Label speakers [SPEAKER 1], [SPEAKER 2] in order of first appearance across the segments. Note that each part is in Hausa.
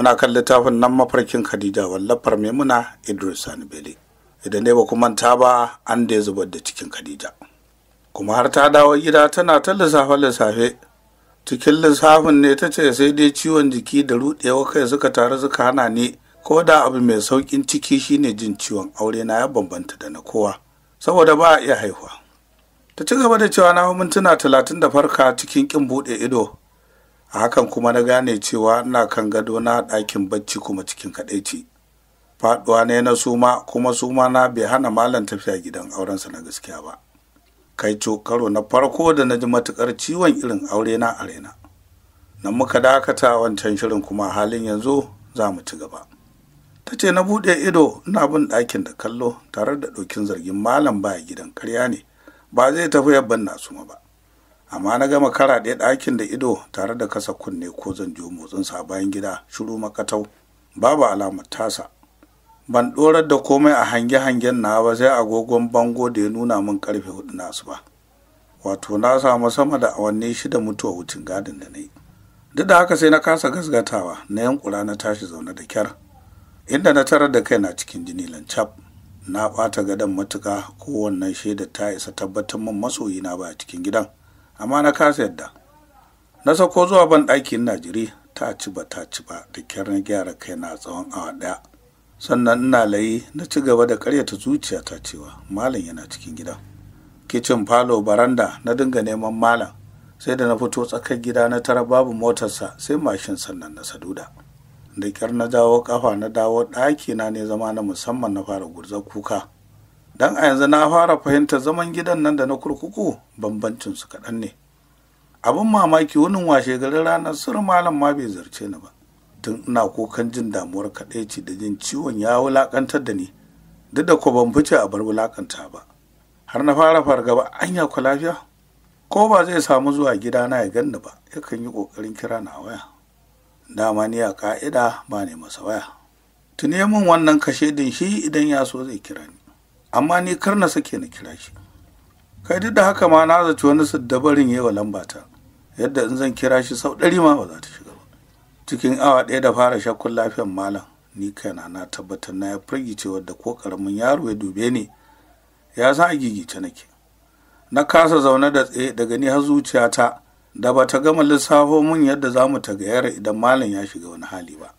[SPEAKER 1] muna kan littafin nan mafarkin khadija wallafar maimuna idris sani bele idan ne ba ku manta ba an da ya zubar da cikin khadija kuma har ta dawo gida tana ta lissafe lissafe cikin lissafin ne ta ce sai dai ciwon jiki da ruɗewa kai suka taru suka hana ni ko da abu mai saukin ciki shine jin ciwon aure na ya bambanta da na kowa saboda ba a iya haihuwa ta ci gaba da cewa na mintuna talatin da farka cikin kin buɗe ido a hakan kuma na gane cewa ina kan gado na ɗakin bacci kuma cikin kaɗaici faɗuwa ne na suma kuma suma na bai hana malam tafiya gidan aurensa na gaskiya ba kai karo na farko da na ji matuƙar ciwon irin aure na a raina nan muka dakata wancan shirin kuma halin yanzu za mu ci gaba ta ce na buɗe ido na bin ɗakin da kallo tare da ɗokin zargin malam baya gidan karya ne ba zai tafi yabban na suma ba amma na gama kara ɗaya ɗakin da ido tare da kasa kunne ko zan jo motsinsa a bayan gida shiru makatau babu alamar tasa ban ɗorar da komai a hange-hangen na ba sai agogon bango da ya nuna min karfe hudu nasu ba. wato na samu sama da awanni shida mutuwa wucin gadin da na yi duk da haka sai na kasa gasgatawa na yankura na tashi zaune da kyar inda na tarar da kai na cikin jini lancap na ɓata gadon matuka kowanne shaida ta isa tabbatar min masoyina ba a cikin gidan amma na kasa yadda na sako zuwa ban ɗaki ina ta ci ba ta ci ba da kyar na gyara kai na tsawon awa ɗaya sannan ina layi na ci gaba da karyata ta cewa malam yana cikin gida kicin falo baranda na dinga neman malam sai da na fito tsakar gida na tara babu motarsa sai mashin sannan na saduda da kyar na jawo kafa na dawo ɗaki na ne zama na musamman na fara gurzar kuka Don a yanzu na fara fahimtar zaman gidan nan da na kurkuku bambancin su kaɗan ne abin mamaki wunin washe garin ranar sir malam ma bai zarce ni ba tun ina kokan jin damuwar kaɗaici da jin ciwon ya wulaƙantar da ni duk da ko ban fice a bar wulaƙanta ba har na fara fargaba anya ku lafiya ko ba zai samu zuwa gidana ya ganni ba yakan yi ƙoƙarin kira na waya dama ni a ƙa'ida ba ne masa waya tuni min wannan kashe din shi idan ya so zai kira ni amma ni kar na sake na kira shi kai duk da haka ma na zaci wani siddabarin yawa lambata yadda in zan kira shi sau ɗari ma ba za ta shiga ba cikin awa ɗaya da fara shakkun lafiyar malam ni kaina na tabbatar na ya firgice wadda ko karamin yaro ya dube ni ya san a gigice nake na kasa zaune da tsaye daga ni har zuciya ta da bata gama lissafo mun yadda za mu ta gayar idan malam ya shiga wani hali ba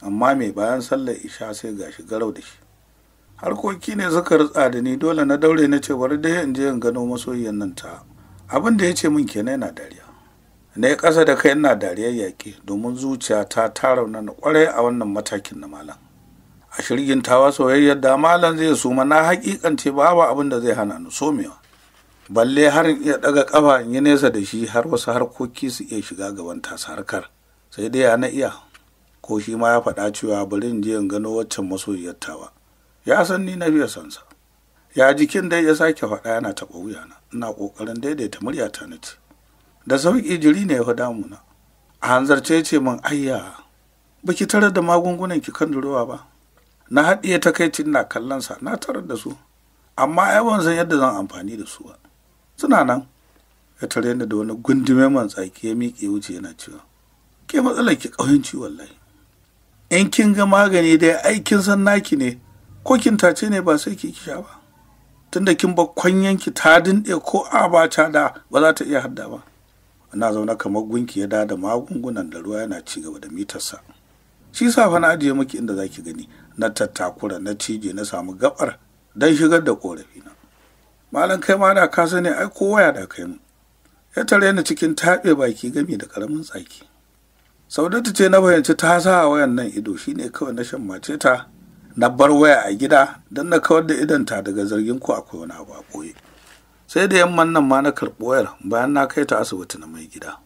[SPEAKER 1] amma mai bayan sallar isha sai ga shi garau da shi harkoki ne suka rutsa da ni dole na daure na ce bari dai in je in gano masoyiyan nan ta abin da ya ce min kenan yana dariya na yi ƙasa da kai ina dariyar yaƙi domin zuciya ta ta na ƙwarai a wannan matakin na malam a shirgin tawa soyayyar da malam zai suma na haƙiƙance babu abin da zai hana ni somewa balle har in iya ɗaga ƙafa in yi nesa da shi har wasu harkoki su iya shiga gaban tasa harkar sai dai ya na iya ko shi ma ya faɗa cewa bari in je in gano waccan masoyiyar tawa ya san ni na biya sansa ya jikin dai ya sake faɗa yana taɓa wuyana ina ƙoƙarin daidaita muryata na ce da sauƙi jiri ne ya fi damuna a hanzarce ce min ayya ba ki tarar da magungunan ki kan durowa ba na haɗiye takaicin na kallon sa na tarar da su amma ai ban san yadda zan amfani da su ba suna nan ya tare ni da wani gundume man tsaki ya miƙe wuce yana cewa ke matsalar ki ƙauyen ciwon lai in kin ga magani dai aikin san naki ne ko kin tace ne ba sai ki kisha ba tunda kin ba kwanyanki ta dinde ko a ba ta da ba za ta iya hadda ba ana zauna kamar gunki ya da da magungunan da ruwa yana ci gaba da mitarsa shi sa fa na ajiye miki inda zaki gani na tattakura na cije na samu gabar dan shigar da korafi na malam kai ma da ka sani ai ko waya da kai mu ya tare ni cikin taɓe baki gami da karamin tsaki saudatu ce na fahimci ta sa wayan nan ido shine kawai na shan mace ta na bar waya a gida don na kawar da idanta daga zargin ku akwai wani abu a ɓoye sai da yamman nan ma na karɓi wayar bayan na kai ta asibiti na mai gida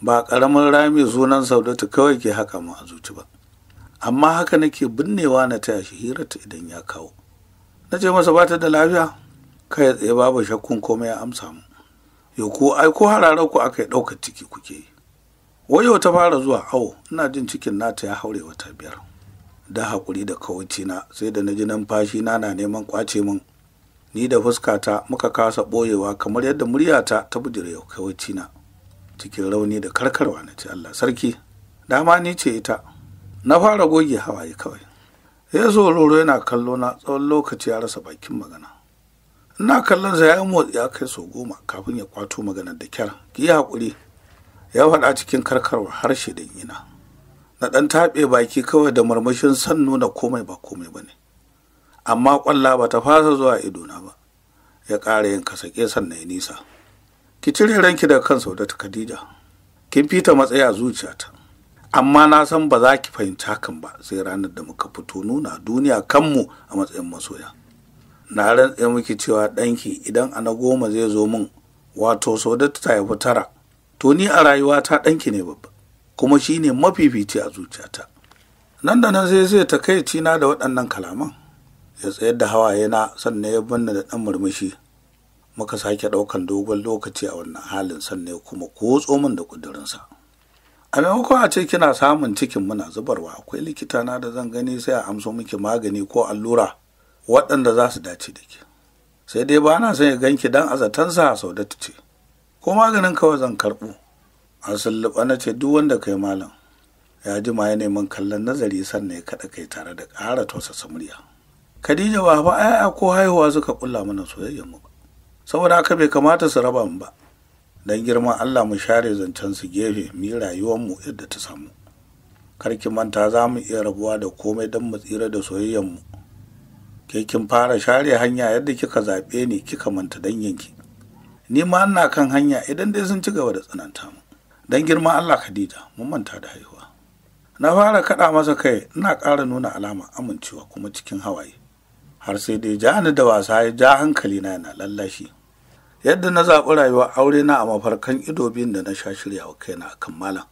[SPEAKER 1] ba ƙaramin rami zunan saudatu kawai ke haka mu a zuci ba amma haka nake binnewa na taya shi hira ta idan ya kawo na ce masa ba ta da lafiya kai tsaye babu shakkun komai ya amsa mu yau ko ai ko hararar ku aka yi ɗaukar ciki kuke yi wayo ta fara zuwa awo ina jin cikin nata ya haure wata biyar da haƙuri da kawancina sai da na ji numfashi na na neman kwace min ni da fuskata muka kasa ɓoyewa kamar yadda muryata ta bujire na cikin rauni da karkarwa na ce Allah sarki dama ni ce ita na fara goge hawaye kawai ya roro yana kallo na tsawon lokaci ya rasa bakin magana ina kallon sa ya motsi ya kai sau goma kafin ya kwato maganar da kyar ki haƙuri ya faɗa cikin karkarwa harshe da ina na ɗan taɓe baki kawai da marmashin san nuna komai ba komai ba ne amma ƙwalla ba ta fasa zuwa idona ba ya ƙara yin kasake sannan ya nisa ki cire ranki da kan ta khadija kin fita matsaya a zuciyata amma na san ba za ki fahimci hakan ba sai ranar da muka fito nuna duniya kanmu a matsayin masoya na rantse miki cewa ɗanki idan ana goma zai zo min wato saudatu ta haifi tara to ni a rayuwa ta ɗanki ne babba kuma shi ne mafifici a zuciyata nan da nan sai sai takaici na da waɗannan kalaman ya tsayar da hawaye na sannan ya binne da ɗan murmushi muka sake ɗaukan dogon lokaci a wannan halin sannan kuma ko min da ƙudurinsa a maimakon a ce kina samun cikin muna zubarwa akwai likita na da zan gani sai a amso miki magani ko allura waɗanda za su dace da ke sai dai ba na son ya ganki dan azatansa sau da ce ko maganin kawai zan karɓo an sulluɓa na ce duk wanda kai malam ya jima ya neman kallon nazari sannan ya kaɗa kai tare da ƙara tausasa murya khadija ba fa aya ko haihuwa suka ƙulla mana soyayyar mu ba saboda haka bai kamata su raba mu ba dan girman allah mu share zancen su gefe mu yi rayuwar mu yadda ta samu Kar ki manta za mu iya rabuwa da komai don mu tsira da soyayyar mu ke kin fara share hanya yadda kika zaɓe ni kika manta danginki ni ma ina kan hanya idan dai sun ci gaba da tsananta mu don girma Allah Khadija mun manta da haihuwa na fara kaɗa masa kai ina ƙara nuna alama amincewa kuma cikin hawaye har sai dai ja ni da wasa ya ja hankali na yana lallashi yadda na zaɓi rayuwar aure na a mafarkan ido biyun da na sha shirya wa kaina a kan malam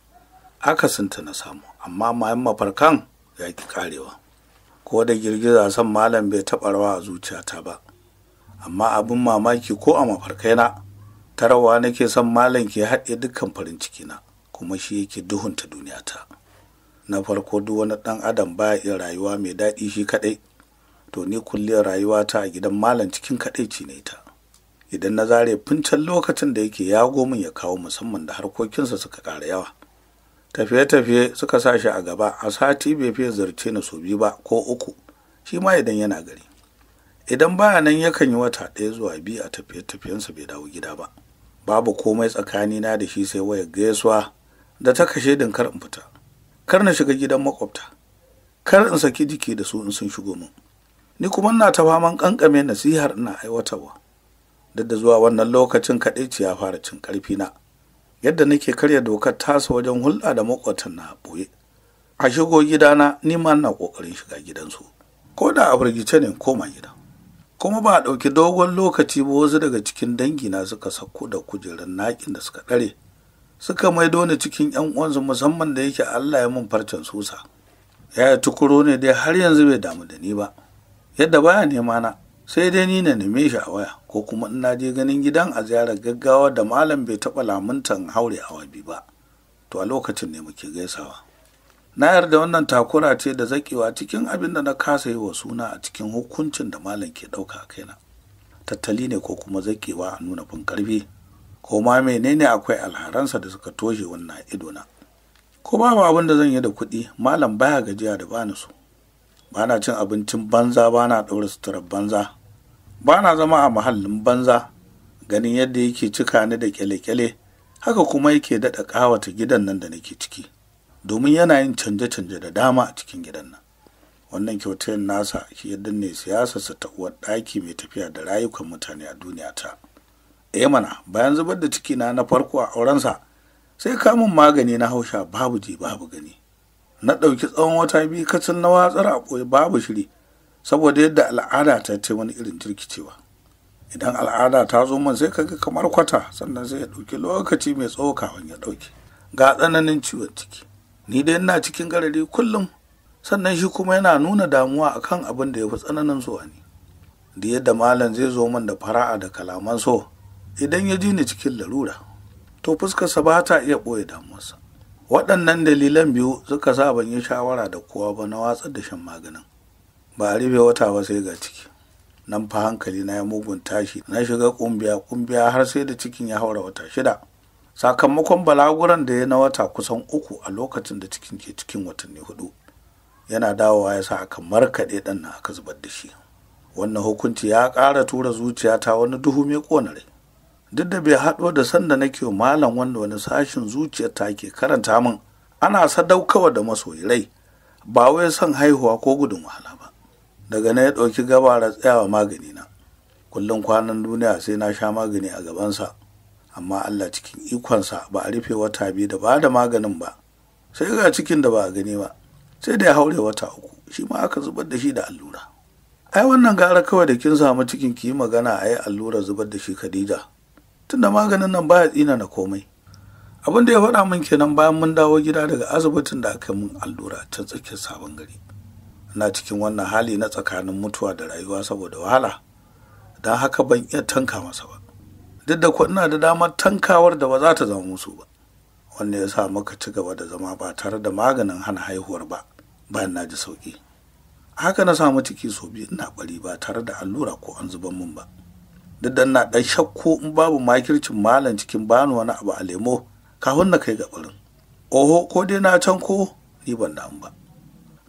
[SPEAKER 1] akasinta na samu amma mayan mafarkan ya ki karewa ko da girgiza san malam bai taɓa rawa a zuciyata ba amma abin mamaki ko a mafarkai na. ta rawa nake son malam ke haɗe dukkan farin ciki na kuma shi yake duhunta duniyata na farko duk wani ɗan adam baya iya rayuwa mai daɗi shi kaɗai to ni kulle ta a gidan malam cikin kaɗaici ne ta idan na zare fincen lokacin da yake yago min ya kawo musamman da harkokinsa suka ƙara yawa tafiye-tafiye suka sa shi a gaba a sati bai fiye zarce na so biyu ba ko uku shi ma idan yana gari idan baya nan yakan yi wata ɗaya zuwa biyu a tafiye-tafiyensa bai dawo gida ba babu komai tsakanina da shi sai wayar gaisuwa da ta kashe din kar in fita kar na shiga gidan makwabta kar in saki jiki da su in sun shigo min ni kuma ina ta faman kankame nasihar ina aiwatarwa duk da zuwa wannan lokacin kaɗai ce ya fara cin ƙarfi na yadda nake karya dokar tasa wajen hulɗa da makwabtan na boye a shigo gidana ni ma ina ƙoƙarin shiga gidansu ko da a firgice ne koma gida kuma ba a ɗauki dogon lokaci ba wasu daga cikin dangina suka sauko da kujerar naƙin da suka ɗare suka maido ni cikin 'yan uwansu musamman da yake allah ya mun farcen susa ya yi tukuro ne dai har yanzu bai damu da ni ba yadda baya nema na sai dai ni na neme shi a waya ko kuma in na je ganin gidan a ziyarar gaggawa da malam bai taɓa lamuntan haure awa biyu ba to a lokacin ne muke gaisawa na yarda wannan takura ce da zakewa cikin abin da na kasa yi wa suna a cikin hukuncin da malam ke ɗauka a kaina tattali ne ko kuma zakewa a nuna fin Koma ko ma menene akwai alharansa da suka toshe wannan idona ko ba ma abin da zan yi da kuɗi malam baya gajiya da bani su bana cin abincin banza bana ɗaura suturar banza bana zama a muhallin banza ganin yadda yake cika ni da kyale-kyale haka kuma yake daɗa ƙawata gidan nan da nake ciki domin yana yin canje-canje da dama a cikin gidan nan wannan kyautayin nasa shi ya danne siyasarsa ta uwar ɗaki mai tafiya da rayukan mutane a duniya ta eh mana bayan zubar da ciki na na farko a aurensa sai kamun magani na hausha babu je babu gani na ɗauki tsawon wata biyu kacin na watsar a ɓoye babu shiri saboda yadda al'ada ta ce wani irin jirkicewa idan al'ada ta zo man sai kaga kamar kwata sannan sai ya ɗauki lokaci mai tsawo kafin ya ɗauki ga tsananin ciwon ciki ni dai ina cikin garari kullum sannan shi kuma yana nuna damuwa akan abin da ya fi tsananin zuwa ne da yadda malam zai zo min da fara'a da kalaman so idan ya ji ni cikin larura to fuskarsa ba ta iya ɓoye damuwarsa waɗannan dalilan biyu suka sa ban yi shawara da kowa ba na watsar da shan maganin ba a rufe wata ba sai ga ciki nan fa hankali na ya mugun tashi na shiga kumbiya kumbiya har sai da cikin ya haura wata shida sakamakon balaguran da ya na wata kusan uku a lokacin da cikin ke cikin watanni hudu yana dawowa ya sa aka markaɗe ɗan na aka zubar da shi wannan hukunci ya ƙara tura zuciyata wani duhu mai ƙona duk da bai haɗo da sanda nake malam wanda wani sashin zuciyar ta ke karanta min ana sadaukawa da masoyi rai ba wai son haihuwa ko gudun wahala ba daga na ya ɗauki gabara tsayawa magani na kullum kwanan duniya sai na sha magani a gabansa amma allah cikin ikonsa ba a rufe wata biyu da ba da maganin ba sai ga cikin da ba a gani ba sai da ya haure wata uku shi ma aka zubar da shi da allura ai wannan gara kawai da kin samu cikin ki yi magana a yi allura zubar da shi khadija tunda maganin nan baya tsina na komai abin da ya faɗa min kenan bayan mun dawo gida daga asibitin da aka mun allura ta tsakiyar sabon gari na cikin wannan hali na tsakanin mutuwa da rayuwa saboda wahala don haka ban iya tanka masa ba duk da kuwa da damar tankawar da ba za ta zama musu ba wanda ya sa muka ci gaba da zama ba tare da maganin hana haihuwar ba bayan na ji sauƙi haka na samu ciki sau biyu ina bari ba tare da allura ko an zuban mun ba duk da ina ɗan shakko in babu makircin malam cikin bani wani abu a lemo kafin na kai ga barin oho ko dai na can ko ni ban damu ba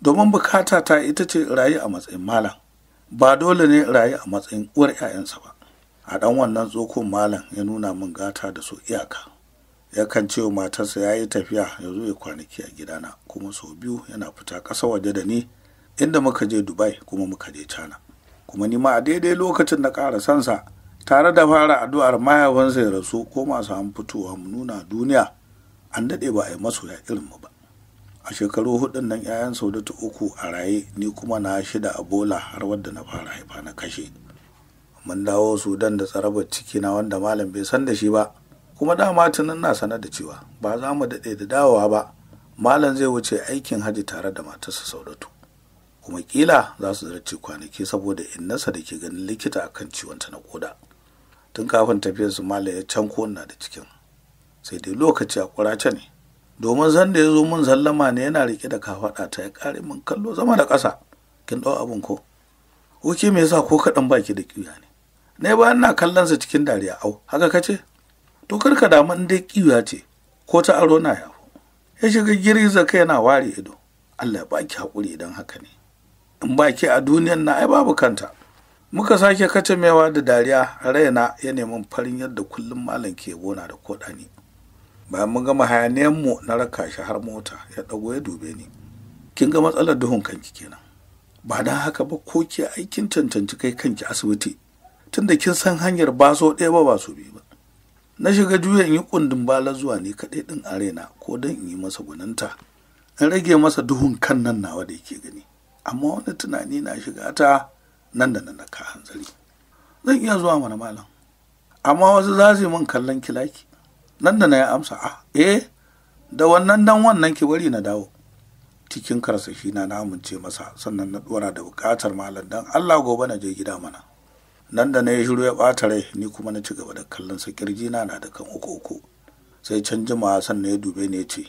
[SPEAKER 1] domin bukata ta ita ce rayu a matsayin malam ba dole ne rayu a matsayin uwar 'ya'yansa ba a ɗan wannan tsokon malam ya nuna min gata da so iyaka yakan ce wa matarsa ya yi tafiya ya zo ya kwanaki a gidana kuma sau biyu yana fita ƙasa waje da ni inda muka je dubai kuma muka je cana kuma ni ma a daidai lokacin na ƙara sansa tare da fara addu'ar mahaifinsa ya rasu ko masu an fitowa mu nuna duniya an daɗe ba a yi masoya irin mu ba a shekaru hudun nan 'ya'yan saudatu uku a raye ni kuma na shida a bola har wadda na fara haifa na kashe mun dawo sudan da tsarabar ciki na wanda malam bai san da shi ba kuma dama tunan na sanar da cewa ba za mu daɗe da dawowa ba malam zai wuce aikin hajji tare da matarsa saudatu kuma kila za su zarce kwanaki saboda innarsa da ke ganin likita akan ciwonta na koda tun kafin tafiyar su malam ya can ina da cikin sai dai lokaci a kurace ne domin san da ya zo mun sallama ne yana rike da kafaɗa ta ya ƙare min kallo zama da ƙasa kin ɗau abin ko wuki me yasa ko kaɗan baki da ƙiya ne na bayan na kallon sa cikin dariya au haka ka ce to ka damu in dai kiwa ce ko ta aro na yawo ya shiga girgiza kai yana ware ido Allah ba ki haƙuri idan haka ne in baki a duniyan na ai babu kanta muka sake kacamewa da dariya raina ya neman farin yadda kullum malam ke gona da koɗani bayan mu gama mu na raka shi har mota ya dago ya dube ni kin ga matsalar duhun kanki kenan ba dan haka ba ko ke aikin cancanci kai kanki asibiti tunda kin san hanyar ba so ɗaya ba ba so biyu ba na shiga juya in yi kundin bala zuwa ne kaɗai ɗin arena ko don in yi masa gwaninta in rage masa duhun kan nan nawa da yake gani amma wani tunani na shiga ta nan da nan da ka hanzari zan iya zuwa mana malam amma wasu za su yi min kallon kilaki nan da na ya amsa a ah, eh da wannan dan wannan ki bari na dawo cikin karsashi na na amince masa sannan na dora da bukatar malam dan Allah gobe na je gida mana nan da na yi shiru ya ɓata rai ni kuma na ci gaba da kallon sa kirji na na da kan uku uku sai can jimawa sannan ya dube ne ce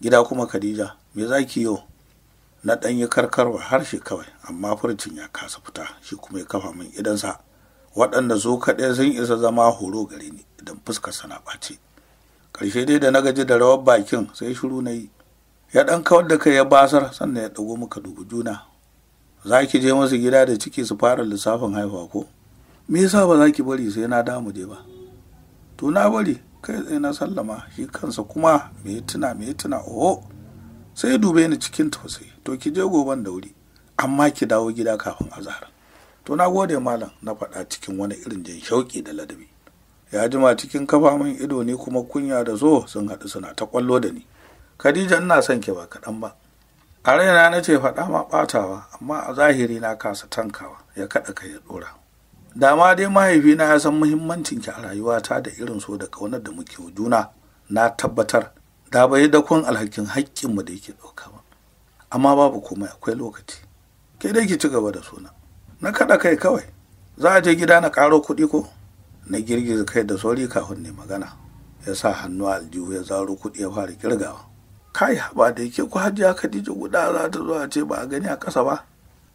[SPEAKER 1] gida kuma khadija me za ki yau na ɗan yi karkarwa harshe kawai amma furcin ya kasa fita shi kuma ya kafa min Idan sa, waɗanda zo kaɗai sun isa zama horo gare ni idan fuskar sana ɓace ƙarshe dai da na gaji da rawar bakin sai shiru na yi ya ɗan kawar da kai ya basar sannan ya ɗago muka dubu juna za ki je masu gida da ciki su fara lissafin haihuwa ko me yasa ba za ki bari sai na damu je ba to na bari kai tsaye na sallama shi kansa kuma me ya tuna me ya tuna oho sai dube ni cikin tausayi to ki je goban da wuri amma ki dawo gida kafin azhar to na gode malam na faɗa cikin wani irin jan shauƙi da ladabi ya jima cikin kafa min ido ne kuma kunya da zo sun haɗu suna ta ƙwallo da ni khadija ina son ki ba kaɗan ba a raina na ce faɗa ma ɓatawa amma a zahiri na kasa tankawa ya kaɗa kai ya ɗora dama dai mahaifina ya san muhimmancin ki a rayuwata da irin so da kaunar da muke juna na tabbatar da bai dakon alhakin mu da yake ɗauka ba amma babu komai akwai lokaci ke dai ki ci gaba da suna na kaɗa kai kawai za a je gida na karo kuɗi ko na girgiza kai da sauri kafin ne magana ya sa hannu a aljihu ya zaro kuɗi ya fara kirgawa kai ba da yake ku hajiya khadija guda za ta zo a ce ba a gani a ƙasa ba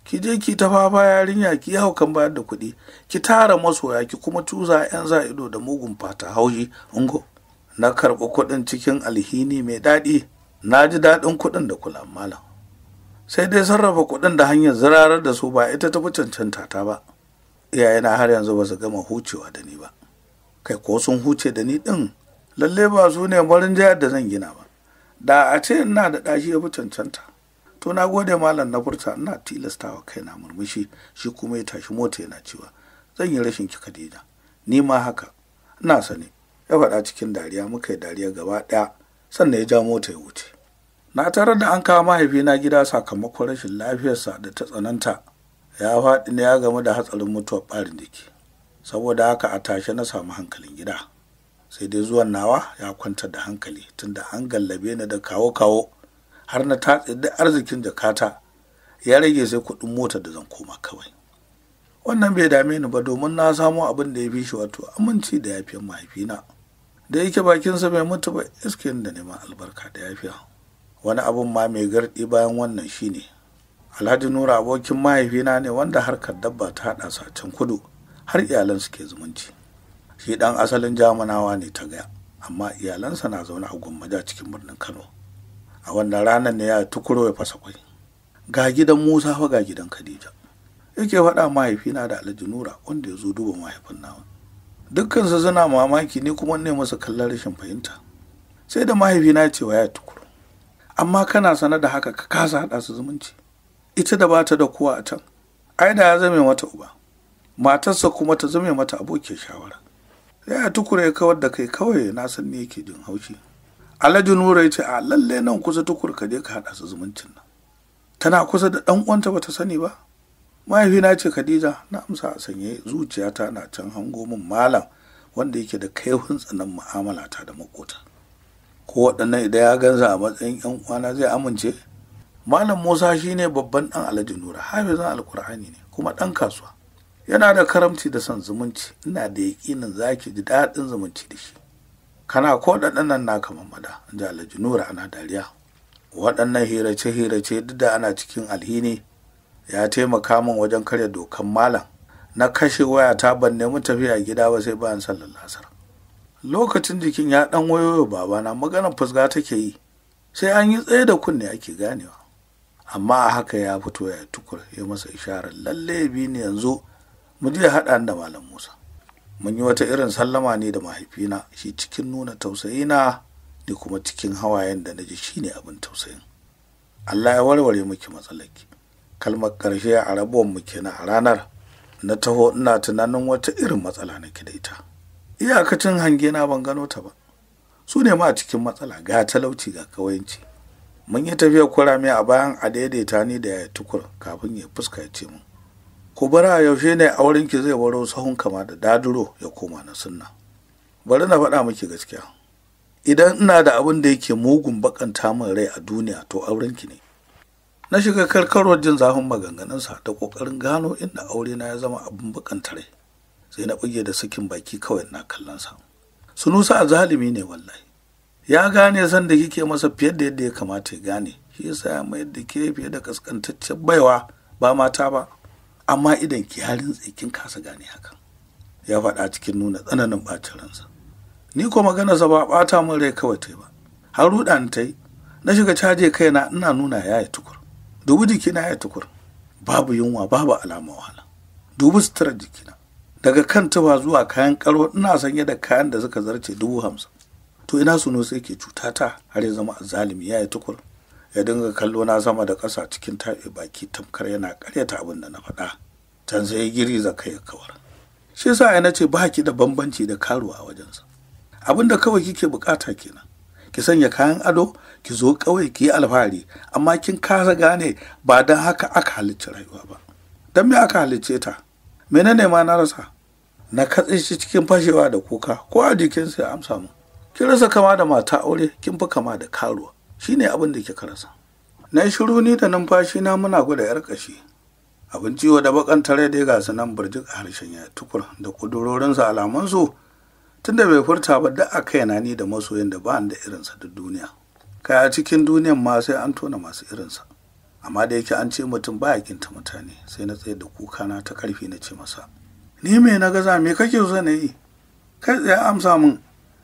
[SPEAKER 1] ki je ki ta fafa yarinya ki hau kan bayar da kuɗi ki tara masoya ki kuma tuza yan za ido da mugun fata haushi ungo na karɓi kuɗin cikin alhini mai daɗi na ji daɗin kuɗin da kula malam sai dai sarrafa kuɗin da hanyar zirarar da su ba ita tafi cancanta ta ba iyayena har yanzu ba su gama hucewa da ni ba kai ko sun huce da ni ɗin lalle ba su ne marin jayar da zan gina ba da a ce ina da ɗashi ya fi cancanta to na gode malam na furta ina tilastawa kaina murmushi shi kuma ya tashi mota yana cewa zan yi rashin ki Khadija ni ma haka ina sani ya faɗa cikin dariya muka yi dariya gaba ɗaya sannan ya ja mota ya wuce na tarar da an kawo mahaifina gida sakamakon rashin lafiyarsa da ta tsananta ya faɗi ne ya gamu da hatsarin mutuwar ɓarin jiki saboda haka a tashe na samu hankalin gida sai dai zuwan nawa ya kwantar da hankali tunda an gallabe ni da kawo kawo har na tatse duk arzikin jakata ya rage sai kuɗin mota da zan koma kawai wannan bai dame ni ba domin na samo abin da ya fi shi wato aminci da yafiyan mahaifina da yake bakinsa bai mutu ba iske da neman albarka da yafiya wani abin ma mai garɗi bayan wannan shine alhaji nura abokin mahaifina ne wanda harkar dabba ta haɗa a can kudu har iyalansu ke zumunci shi ɗan asalin jamanawa ne ta gaya amma iyalansa na zaune a gwammaja cikin birnin kano a wannan ranar ne ya tukuro ya fasa kwai ga gidan musa fa ga gidan khadija yake faɗa mahaifina da alhaji nura wanda ya zo duba mahaifin nawa dukkansu suna mamaki ne kuma ne masa kallon rashin fahimta sai da mahaifina ya ce wa ya tukuro amma kana sanar da haka ka kasa haɗa su zumunci ita da bata da kowa a can ai da ya zame mata uba matarsa kuma ta zame mata abokin shawara ya tukure kawar da kai kawai na san ne yake jin haushi alhaji nura ya ce a lalle nan kusa tukur ka je ka haɗa su zumuncin nan tana kusa da ɗan uwanta bata sani ba mahaifina ce khadija na amsa a sanye zuciyata na can hango min malam wanda yake da kaihun tsanan mu'amala ta da makota ko waɗannan idan ya ganza a matsayin yan uwana zai amince malam musa shine babban ɗan alhaji nura hafizan alkur'ani ne kuma ɗan kasuwa yana da karamci da son zumunci ina da yaƙinin zaki ji daɗin zumunci da shi kana ko ɗanɗanan naka mamada da alhaji nura ana dariya waɗannan hirace-hirace duk da ana cikin alhini ya taimaka min wajen karya dokan malam na kashe waya ta ban nemi tafiya gida ba sai bayan sallar lasar lokacin jikin ya ɗan wayoyo babana maganar fusga take yi sai an yi tsaye da kunne ake ganewa amma a haka ya fito ya tukur ya masa isharar lalle bi ni yanzu mu je haɗa da malam musa mun yi wata irin sallama ne da mahaifina shi cikin nuna tausayina da kuma cikin hawayen da na ji shi ne abin tausayin allah ya warware miki matsalaki kalmar ƙarshe a rabuwan mu kenan a ranar na taho ina tunanin wata irin matsala nake da ita iyakacin hange na ban gano ta ba su ne ma cikin matsala ga talauci ga kawayanci mun yi tafiya kurame a bayan a daidaita ni da ya tukur kafin ya fuska ya ce mun Ku bara yaushe ne aurenki zai baro sahun kama da daduro ya koma na sunna bari na faɗa miki gaskiya idan ina da abin da yake mugun bakanta min rai a duniya to aurenki ne na shiga karkarwar jin zafin maganganunsa ta ƙoƙarin gano inda aure na ya zama abin bakanta rai sai na buge da sakin baki kawai na kallon sa sunusa a zalimi ne wallahi ya gane san da kike masa fiye da yadda ya kamata ya gane shi yasa ya mayar da ke fiye da kaskantaccen baiwa ba mata ba amma idan ki harin kin kasa gane hakan ya faɗa cikin nuna tsananin bacin ransa ni ko maganarsa ba ɓata min rai kawai ta ba har ruɗa ta yi na shiga caje kaina ina nuna yaya tukur dubu jikina yaya tukur babu yunwa babu alama wala dubu sutura jikina daga kan tuba zuwa kayan karo ina sanye da kayan da suka zarce dubu hamsin to ina suno sai ke ta har ya zama azalimi yaya tukur ya dinga kallo na sama da ƙasa cikin taɓe baki tamkar yana ƙaryata abin da na faɗa can sai ya giri za kai kawar shi yasa ya nace ba ki da bambanci da karuwa a wajensa abin da kawai kike bukata kenan ki sanya kayan ado ki zo kawai ki yi alfahari amma kin kasa gane ba don haka aka halicci rayuwa ba don me aka halicce ta menene ma na rasa na katse shi cikin fashewa da kuka ko a jikin sai amsa mu kin rasa kama da mata aure kin fi kama da karuwa shi ne abin da ke karasa. na shiru ni da numfashi na muna gwada yar kashi abin ciwo da bakan tare da ya ga nan burjik a harshen ya tukur da kudurorinsa alamansu tunda bai furta ba da a na ni da masoyin da ba da irinsa duk duniya kai a cikin duniyan ma sai an tona masu irinsa amma da yake an ce mutum ya kinta mutane sai na tsaye da kuka na ta karfi na ce masa ni me na gaza me kake so na yi kai tsaye amsa min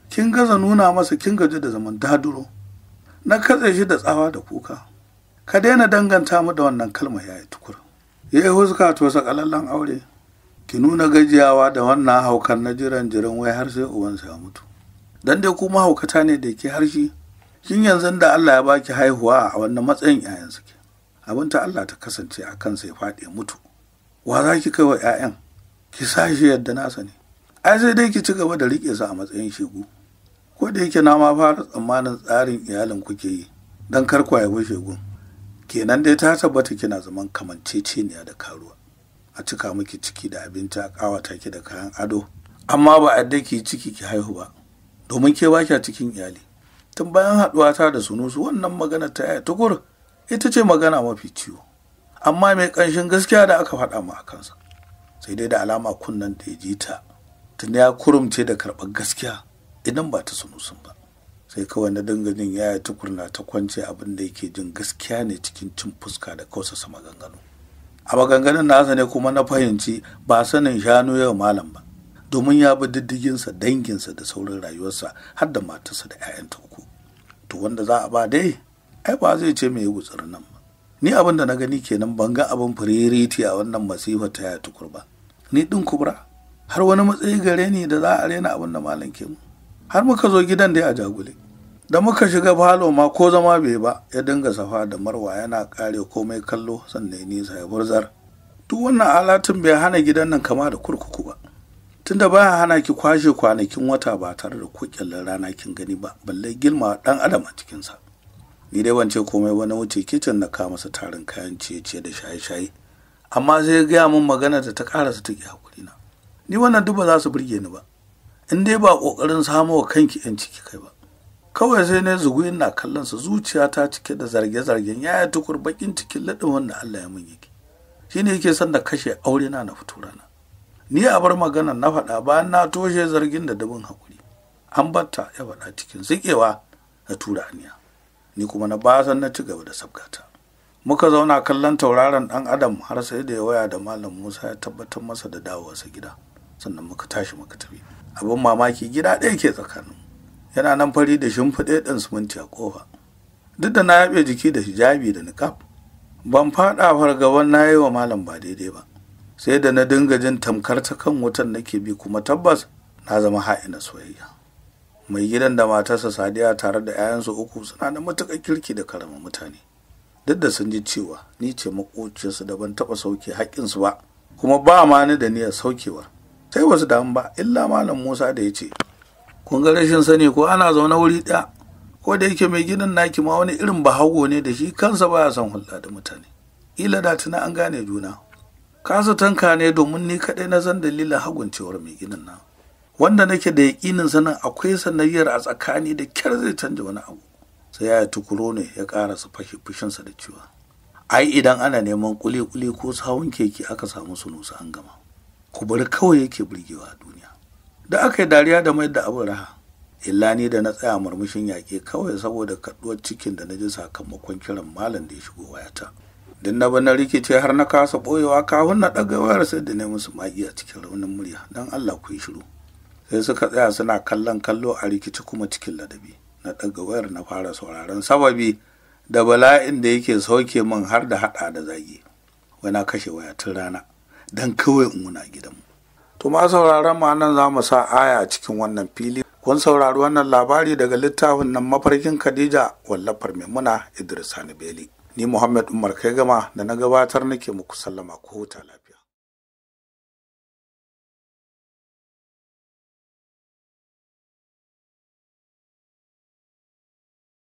[SPEAKER 1] kin gaza nuna masa kin gaji da zaman daduro na katse shi da tsawa da kuka ka daina danganta mu da wannan kalma ya yi tukur ya yi huska to sakalallen aure ki nuna gajiyawa da wannan haukan na jiran jiran wai har sai uban ya mutu dan dai kuma haukata ne da ke harshe kin yanzu da Allah ya baki haihuwa a wannan matsayin 'ya'yan suke abin ta Allah ta kasance a kansa ya faɗi mutu wa za ki kai wa 'ya'yan ki sa shi yadda nasa ne ai sai dai ki ci gaba da rike sa a matsayin shegu ko da yake na ma fara tsammanin tsarin iyalin kuke yi don karkwa ya bushe gun kenan dai ta tabbata kina zaman kamanceceniya da karuwa a cika miki ciki da abinci a kawata ki da kayan ado amma ba a ki ciki ki haihu ba domin ke baki cikin iyali tun bayan haɗuwa ta da sunusu wannan magana ta yaya tukur ita ce magana mafi ciwo amma mai ƙanshin gaskiya da aka faɗa mu a kansa sai dai da alama kunnen da ya ji ta tun ya kurumce da karɓar gaskiya idan ba ta sunusun ba sai kawai na danganin ya yi tukurna ta kwance abin da yake jin gaskiya ne cikin cin fuska da kausasa maganganu a maganganun nasa ne kuma na fahimci ba sanin shanu yau malam ba domin ya bi diddiginsa danginsa da sauran rayuwarsa har da matarsa da 'ya'yanta uku to wanda za a ba dai ai ba zai ce mai gutsar nan ba ni abin da na gani kenan ban ga abin fiririti a wannan masifa ta ya tukur ba ni din kubra har wani matsayi gare ni da za a rena abin da malam ke mu har muka zo gidan dai a jagule da muka shiga falo ma ko zama bai ba ya dinga safa da marwa yana kare komai kallo sannan ya nisa ya burzar duk wannan alatun bai hana gidan nan kama da kurkuku ba tunda baya hana ki kwashe kwanakin wata ba tare da ko rana kin gani ba balle gilma dan adam a cikinsa ni dai ban ce komai na wuce kicin na ka masa tarin kayan ciye-ciye da shaye-shaye amma sai gaya min magana da ta karasa ta hakuri na ni wannan duk ba za su burge ni ba in dai ba ƙoƙarin samo wa kanki ‘yan ciki kai ba kawai sai na zugu ina kallon sa zuciya ta cike da zarge-zargen yaya tukur bakin cikin laɗin wanda Allah ya mun yake shine yake son da kashe aure na na fito rana ni a bar magana na faɗa bayan na toshe zargin da dabin hakuri. an batta ya faɗa cikin zikewa na tura aniya ni kuma na ba san na ci gaba da sabgata muka zauna kallon tauraron ɗan adam har sai da ya waya da malam musa ya tabbatar masa da dawowa dawowarsa gida sannan muka tashi muka tafi abin mamaki gida ɗaya ke tsakanin yana nan fari da shimfiɗe ɗin siminti a ƙofa duk da na yaɓe jiki da hijabi da niƙaf ban faɗa fargaban na yi wa malam ba daidai ba sai da na dinga jin tamkar ta kan wutan nake bi kuma tabbas na zama ha'ina soyayya mai gidan da matarsa sadiya tare da 'ya'yansu uku suna da matuƙar kirki da karama mutane duk da sun ji cewa ni ce maƙociyarsu da ban taɓa sauke haƙƙinsu ba kuma ba ma ni da niyyar saukewar sai wasu damu ba illa malam musa da ya ce kun ga rashin sani ko ana zaune wuri ɗaya ko da yake mai ginin naki ma wani irin bahago ne da shi kansa baya son hulɗa da mutane ila da tuna an gane juna kasa tanka ne domin ni kaɗai na san dalilin cewar mai ginin na? wanda nake da yaƙinin sanin akwai sanayyar a tsakani da kyar zai canja wani abu sai ya tukuro ne ya ƙara su fashe fushinsa da cewa ai idan ana neman kuli-kuli ko sawun keke aka samu su nusa an gama Ku bari kawai yake burgewa a duniya da aka yi dariya da mai da abin raha illa ni da na tsaya murmushin yaƙe kawai saboda kaɗuwar cikin da na ji sakamakon kiran malam da ya shigo wayata din na na rikice har na kasa ɓoyewa kafin na ɗaga wayar sai da na su magi a cikin raunin murya don allah ku yi shiru sai suka tsaya suna kallon kallo a rikici kuma cikin ladabi na ɗaga wayar na fara sauraron sababi da bala'in da yake sauke min har da haɗa da zagi wana kashe waya rana don kawai in wuna gidanmu. To ma sauraron mu nan za mu sa aya a cikin wannan fili. Kun saurari wannan labari daga littafin nan mafarkin Khadija wallafar Maimuna Idris Hanibeli. Ni Muhammad Umar Kai Gama da na gabatar nake muku sallama ko huta